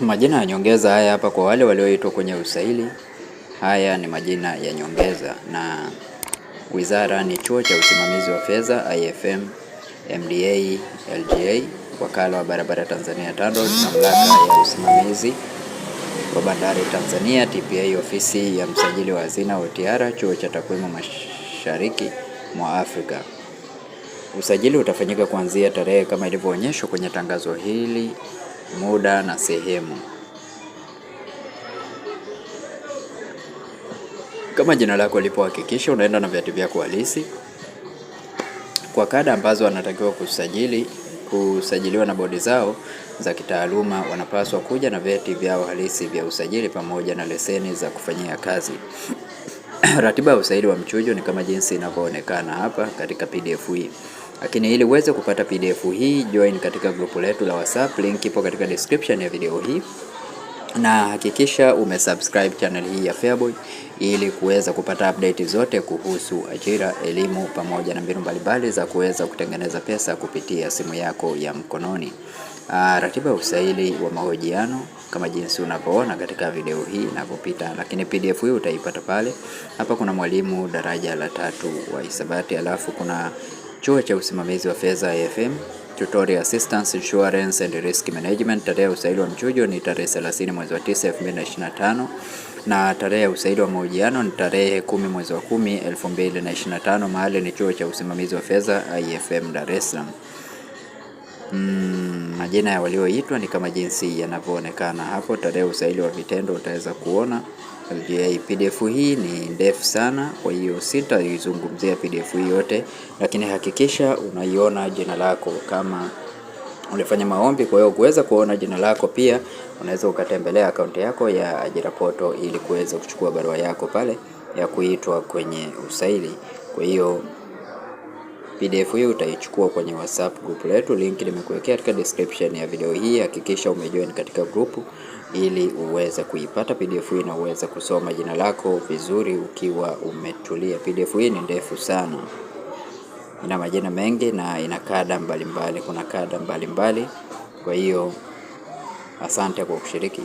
Majina ya nyongeza haya hapa kwa wale walioitwa kwenye usaili, haya ni majina ya nyongeza, na wizara ni Chuo cha Usimamizi wa Fedha IFM, MDA LGA, Wakala wa Barabara Tanzania TANROADS, Mamlaka ya Usimamizi wa Bandari Tanzania TPA, Ofisi ya Msajili wa Hazina OTR, Chuo cha Takwimu Mashariki mwa Afrika. Usajili utafanyika kuanzia tarehe kama ilivyoonyeshwa kwenye tangazo hili muda na sehemu. Kama jina lako lipo, hakikisha unaenda na vyeti vyako halisi kwa kada ambazo wanatakiwa kusajili kusajiliwa na bodi zao za kitaaluma. Wanapaswa kuja na vyeti vyao halisi vya usajili pamoja na leseni za kufanyia kazi. Ratiba ya usaili wa mchujo ni kama jinsi inavyoonekana hapa katika PDF hii. E. Lakini ili uweze kupata PDF hii, join katika grupu letu la WhatsApp, link ipo katika description ya video hii, na hakikisha umesubscribe channel hii ya Feaboy ili kuweza kupata update zote kuhusu ajira, elimu pamoja na mbinu mbalimbali za kuweza kutengeneza pesa kupitia simu yako ya mkononi. Aa, ah, ratiba ya usaili wa mahojiano kama jinsi unavyoona katika video hii inavyopita, lakini PDF hii utaipata pale. Hapa kuna mwalimu daraja la tatu wa hisabati, alafu kuna Chuo cha Usimamizi wa Fedha AFM, Tutorial Assistance Insurance and Risk Management. Tarehe ya usaili wa mchujo ni tarehe 30 mwezi wa 9 2025, na tarehe ya usaili wa mahojiano ni tarehe 10 mwezi wa 10 2025. Mahali ni Chuo cha Usimamizi wa Fedha AFM, Dar es Salaam. Mm, majina ya walioitwa ni kama jinsi yanavyoonekana hapo. Tarehe usaili wa vitendo utaweza kuona LGI. PDF hii ni ndefu sana, kwa hiyo sitaizungumzia PDF hii yote, lakini hakikisha unaiona jina lako kama ulifanya maombi. Kwa hiyo kuweza kuona jina lako, pia unaweza ukatembelea akaunti yako ya ajira poto ili kuweza kuchukua barua yako pale ya kuitwa kwenye usaili. Kwa hiyo PDF hii utaichukua kwenye WhatsApp group letu, link nimekuwekea katika description ya video hii. Hakikisha umejoin katika grupu ili uweze kuipata PDF hii na uweze kusoma jina lako vizuri ukiwa umetulia. PDF hii ni ndefu sana, ina majina mengi na ina kada mbalimbali Kuna kada mbalimbali Kwa hiyo asante kwa kushiriki.